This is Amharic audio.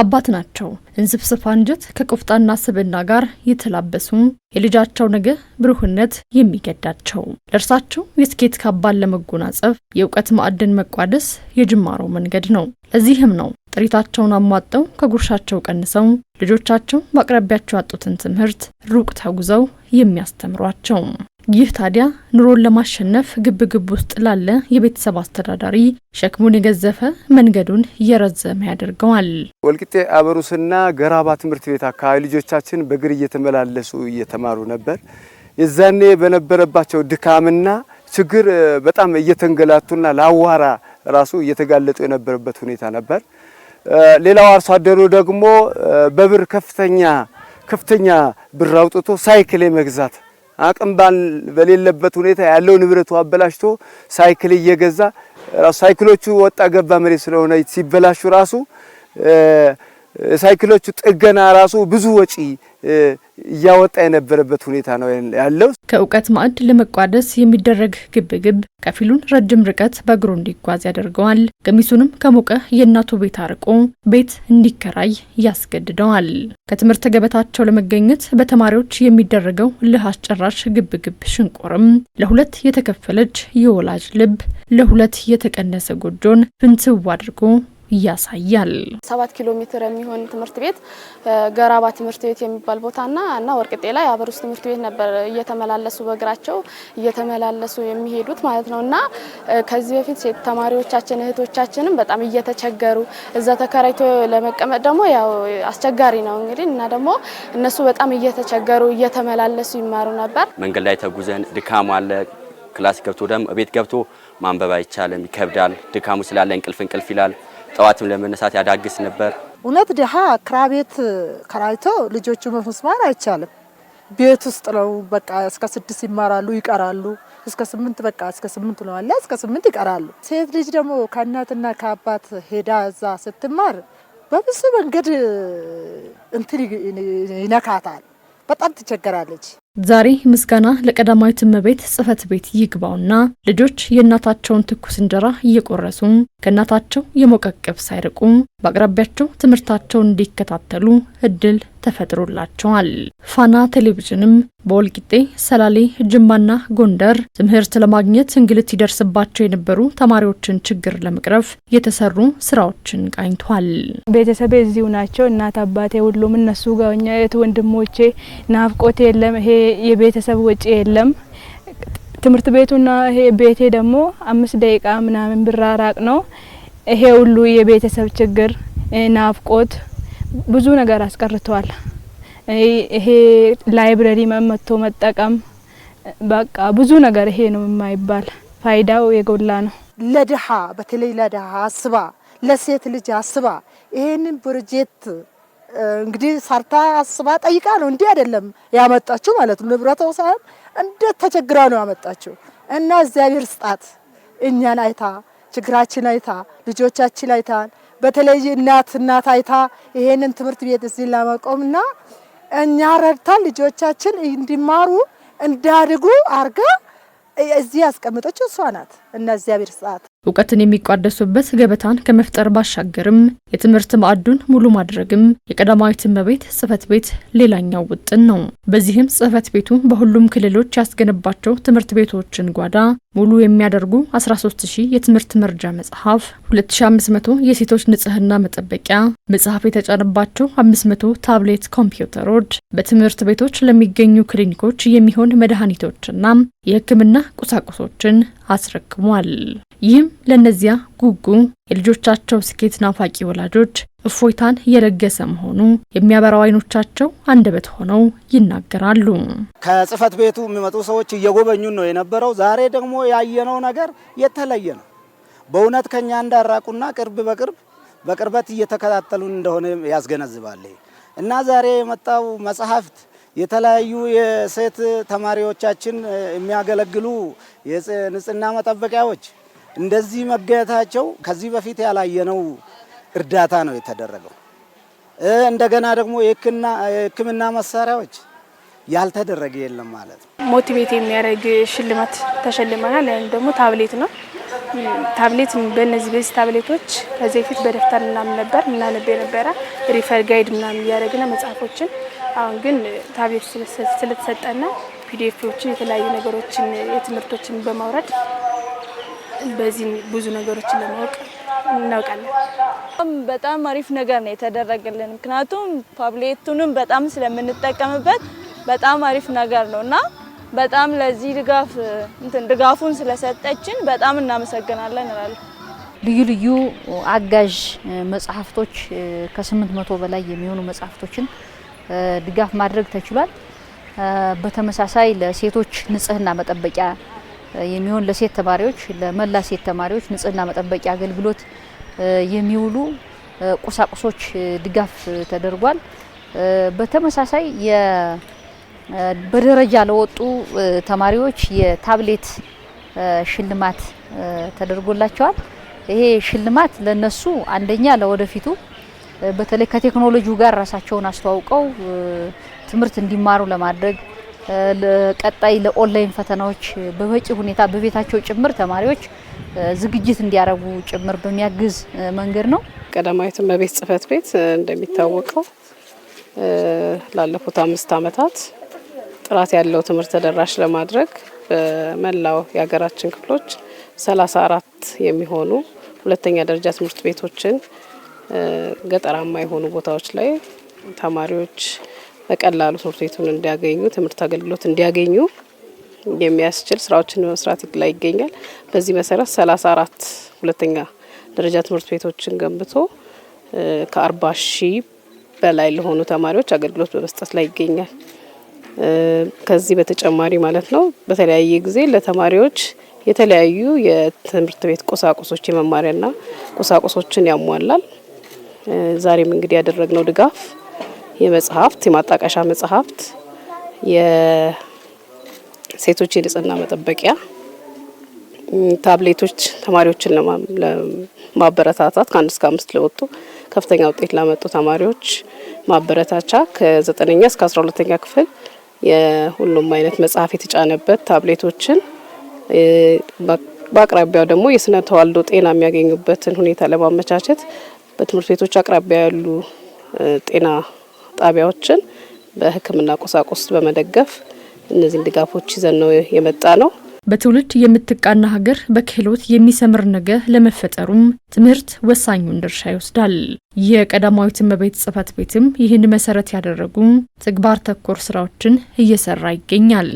አባት ናቸው። እንስብስፋ አንጀት ከቁፍጣና ስብና ጋር የተላበሱ የልጃቸው ነገ ብሩህነት የሚገዳቸው ለእርሳቸው የስኬት ካባን ለመጎናጸፍ የእውቀት ማዕድን መቋደስ የጅማሮ መንገድ ነው። ለዚህም ነው ጥሪታቸውን አሟጠው ከጉርሻቸው ቀንሰው ልጆቻቸው በአቅራቢያቸው ያጡትን ትምህርት ሩቅ ተጉዘው የሚያስተምሯቸው። ይህ ታዲያ ኑሮን ለማሸነፍ ግብግብ ውስጥ ላለ የቤተሰብ አስተዳዳሪ ሸክሙን የገዘፈ መንገዱን እየረዘመ ያደርገዋል። ወልቂጤ አበሩስና ገራባ ትምህርት ቤት አካባቢ ልጆቻችን በእግር እየተመላለሱ እየተማሩ ነበር። የዛኔ በነበረባቸው ድካምና ችግር በጣም እየተንገላቱና ለአዋራ ራሱ እየተጋለጡ የነበረበት ሁኔታ ነበር። ሌላው አርሶ አደሩ ደግሞ በብር ከፍተኛ ከፍተኛ ብር አውጥቶ ሳይክል የመግዛት አቅም በሌለበት ሁኔታ ያለው ንብረቱ አበላሽቶ ሳይክል እየገዛ ሳይክሎቹ ወጣ ገባ መሬት ስለሆነ ሲበላሹ ራሱ ሳይክሎቹ ጥገና ራሱ ብዙ ወጪ እያወጣ የነበረበት ሁኔታ ነው ያለው። ከእውቀት ማዕድ ለመቋደስ የሚደረግ ግብግብ ከፊሉን ረጅም ርቀት በእግሩ እንዲጓዝ ያደርገዋል፣ ገሚሱንም ከሞቀ የእናቱ ቤት አርቆ ቤት እንዲከራይ ያስገድደዋል። ከትምህርት ገበታቸው ለመገኘት በተማሪዎች የሚደረገው ልህ አስጨራሽ ግብግብ ሽንቆርም ለሁለት የተከፈለች የወላጅ ልብ ለሁለት የተቀነሰ ጎጆን ፍንትው አድርጎ ያሳያል። ሰባት ኪሎ ሜትር የሚሆን ትምህርት ቤት ገራባ ትምህርት ቤት የሚባል ቦታና እና ወርቅጤ ላይ ውስጥ ትምህርት ቤት ነበር እየተመላለሱ በእግራቸው እየተመላለሱ የሚሄዱት ማለት ነው። እና ከዚህ በፊት ሴት ተማሪዎቻችን እህቶቻችንም በጣም እየተቸገሩ እዛ ተከራይቶ ለመቀመጥ ደግሞ ያው አስቸጋሪ ነው እንግዲህ እና ደግሞ እነሱ በጣም እየተቸገሩ እየተመላለሱ ይማሩ ነበር። መንገድ ላይ ተጉዘን ድካሙ አለ ክላስ ገብቶ ደግሞ ቤት ገብቶ ማንበብ አይቻልም፣ ይከብዳል። ድካሙ ስላለ እንቅልፍ እንቅልፍ ይላል። ጠዋትም ለመነሳት ያዳግስ ነበር። እውነት ድሀ ክራቤት ቤት ከራይቶ ልጆቹ መስማር አይቻልም። ቤት ውስጥ ነው። በቃ እስከ ስድስት ይማራሉ ይቀራሉ። እስከ ስምንት በቃ እስከ ስምንት ነው አለ እስከ ስምንት ይቀራሉ። ሴት ልጅ ደግሞ ከእናትና ከአባት ሄዳ እዛ ስትማር በብዙ መንገድ እንትን ይነካታል። በጣም ትቸገራለች። ዛሬ ምስጋና ለቀዳማዊት እመቤት ጽሕፈት ቤት ይግባውና ልጆች የእናታቸውን ትኩስ እንጀራ እየቆረሱ ከእናታቸው የሞቀ ሳይርቁ በአቅራቢያቸው ትምህርታቸውን እንዲከታተሉ እድል ተፈጥሮላቸዋል። ፋና ቴሌቪዥንም በወልቂጤ ሰላሌ፣ ጅማና ጎንደር ትምህርት ለማግኘት እንግልት ይደርስባቸው የነበሩ ተማሪዎችን ችግር ለመቅረፍ የተሰሩ ስራዎችን ቃኝቷል። ቤተሰቤ እዚሁ ናቸው። እናት አባቴ፣ ሁሉም እነሱ ጋኛ የት ወንድሞቼ፣ ናፍቆት የለም። ይሄ የቤተሰብ ወጪ የለም። ትምህርት ቤቱና ይሄ ቤቴ ደግሞ አምስት ደቂቃ ምናምን ብራራቅ ነው። ይሄ ሁሉ የቤተሰብ ችግር ናፍቆት ብዙ ነገር አስቀርተዋል። ይሄ ላይብረሪ መመቶ መጠቀም በቃ ብዙ ነገር ይሄ ነው የማይባል ፋይዳው የጎላ ነው። ለድሃ በተለይ ለድሃ አስባ ለሴት ልጅ አስባ ይሄንን ፕሮጀክት እንግዲህ ሰርታ አስባ ጠይቃ ነው እንዲህ አይደለም ያመጣችሁ ማለት ነው። ንብረተው ሳይሆን እንዴት ተቸግራ ነው ያመጣችው እና እግዚአብሔር ስጣት እኛን አይታ ችግራችን አይታ ልጆቻችን አይታን በተለይ እናት እናት አይታ ይሄንን ትምህርት ቤት እዚህ ለመቆምና እኛ ረድታ ልጆቻችን እንዲማሩ እንዳድጉ አርጋ እዚህ ያስቀምጠችው እሷ ናት እና እግዚአብሔር ሰዓት እውቀትን የሚቋደሱበት ገበታን ከመፍጠር ባሻገርም የትምህርት ማዕዱን ሙሉ ማድረግም የቀዳማዊት እመቤት ጽፈት ቤት ሌላኛው ውጥን ነው። በዚህም ጽህፈት ቤቱ በሁሉም ክልሎች ያስገነባቸው ትምህርት ቤቶችን ጓዳ ሙሉ የሚያደርጉ 13000 የትምህርት መርጃ መጽሐፍ፣ 2500 የሴቶች ንጽህና መጠበቂያ መጽሐፍ የተጫነባቸው 500 ታብሌት ኮምፒውተሮች፣ በትምህርት ቤቶች ለሚገኙ ክሊኒኮች የሚሆን መድኃኒቶችና የህክምና ቁሳቁሶችን አስረክሟል። ይህም ለእነዚያ ጉጉ የልጆቻቸው ስኬት ናፋቂ ወላጆች እፎይታን እየለገሰ መሆኑ የሚያበራው አይኖቻቸው አንደበት ሆነው ይናገራሉ። ከጽህፈት ቤቱ የሚመጡ ሰዎች እየጎበኙን ነው የነበረው። ዛሬ ደግሞ ያየነው ነገር የተለየ ነው። በእውነት ከኛ እንዳራቁና ቅርብ በቅርብ በቅርበት እየተከታተሉን እንደሆነ ያስገነዝባል። እና ዛሬ የመጣው መጽሐፍት የተለያዩ የሴት ተማሪዎቻችን የሚያገለግሉ የንጽህና መጠበቂያዎች እንደዚህ መገኘታቸው ከዚህ በፊት ያላየነው እርዳታ ነው የተደረገው። እንደገና ደግሞ የሕክምና መሳሪያዎች ያልተደረገ የለም ማለት ነው። ሞቲቬት የሚያደርግ ሽልማት ተሸልመናል። ያን ደግሞ ታብሌት ነው። ታብሌት በእነዚህ በዚህ ታብሌቶች ከዚህ በፊት በደፍተር ምናምን ነበር እናነብ የነበረ ሪፈር ጋይድ ምናምን እያደረግነ መጽሐፎችን። አሁን ግን ታብሌት ስለተሰጠና ፒዲኤፎችን የተለያዩ ነገሮችን የትምህርቶችን በማውረድ በዚህ ብዙ ነገሮችን ለማወቅ እናውቃለን። በጣም አሪፍ ነገር ነው የተደረገልን። ምክንያቱም ፓብሌቱንም በጣም ስለምንጠቀምበት በጣም አሪፍ ነገር ነው እና በጣም ለዚህ ድጋፍ እንትን ድጋፉን ስለሰጠችን በጣም እናመሰግናለን እላለሁ። ልዩ ልዩ አጋዥ መጽሐፍቶች ከስምንት መቶ በላይ የሚሆኑ መጽሐፍቶችን ድጋፍ ማድረግ ተችሏል። በተመሳሳይ ለሴቶች ንጽህና መጠበቂያ የሚሆን ለሴት ተማሪዎች ለመላ ሴት ተማሪዎች ንጽህና መጠበቂያ አገልግሎት የሚውሉ ቁሳቁሶች ድጋፍ ተደርጓል። በተመሳሳይ በደረጃ ለወጡ ተማሪዎች የታብሌት ሽልማት ተደርጎላቸዋል። ይሄ ሽልማት ለነሱ አንደኛ ለወደፊቱ በተለይ ከቴክኖሎጂው ጋር ራሳቸውን አስተዋውቀው ትምህርት እንዲማሩ ለማድረግ ቀጣይ ለኦንላይን ፈተናዎች በበቂ ሁኔታ በቤታቸው ጭምር ተማሪዎች ዝግጅት እንዲያደርጉ ጭምር በሚያግዝ መንገድ ነው። ቀዳማዊት እመቤት ጽሕፈት ቤት እንደሚታወቀው ላለፉት አምስት ዓመታት ጥራት ያለው ትምህርት ተደራሽ ለማድረግ በመላው የሀገራችን ክፍሎች 34 የሚሆኑ ሁለተኛ ደረጃ ትምህርት ቤቶችን ገጠራማ የሆኑ ቦታዎች ላይ ተማሪዎች በቀላሉ ትምህርት ቤቱን እንዲያገኙ ትምህርት አገልግሎት እንዲያገኙ የሚያስችል ስራዎችን በመስራት ላይ ይገኛል። በዚህ መሰረት ሰላሳ አራት ሁለተኛ ደረጃ ትምህርት ቤቶችን ገንብቶ ከአርባ ሺህ በላይ ለሆኑ ተማሪዎች አገልግሎት በመስጠት ላይ ይገኛል። ከዚህ በተጨማሪ ማለት ነው በተለያየ ጊዜ ለተማሪዎች የተለያዩ የትምህርት ቤት ቁሳቁሶች የመማሪያና ቁሳቁሶችን ያሟላል። ዛሬም እንግዲህ ያደረግነው ድጋፍ የመጽሐፍት የማጣቀሻ መጽሐፍት፣ የሴቶች የንጽህና መጠበቂያ ታብሌቶች ተማሪዎችን ለማበረታታት ከአንድ እስከ አምስት ለወጡ ከፍተኛ ውጤት ላመጡ ተማሪዎች ማበረታቻ ከዘጠነኛ እስከ አስራ ሁለተኛ ክፍል የሁሉም አይነት መጽሐፍ የተጫነበት ታብሌቶችን በአቅራቢያው ደግሞ የስነ ተዋልዶ ጤና የሚያገኙበትን ሁኔታ ለማመቻቸት በትምህርት ቤቶች አቅራቢያ ያሉ ጤና ጣቢያዎችን በሕክምና ቁሳቁስ በመደገፍ እነዚህን ድጋፎች ይዘን ነው የመጣ ነው። በትውልድ የምትቃና ሀገር በክህሎት የሚሰምር ነገ ለመፈጠሩም ትምህርት ወሳኙን ድርሻ ይወስዳል። የቀዳማዊት እመቤት ጽሕፈት ቤትም ይህን መሰረት ያደረጉ ተግባር ተኮር ስራዎችን እየሰራ ይገኛል።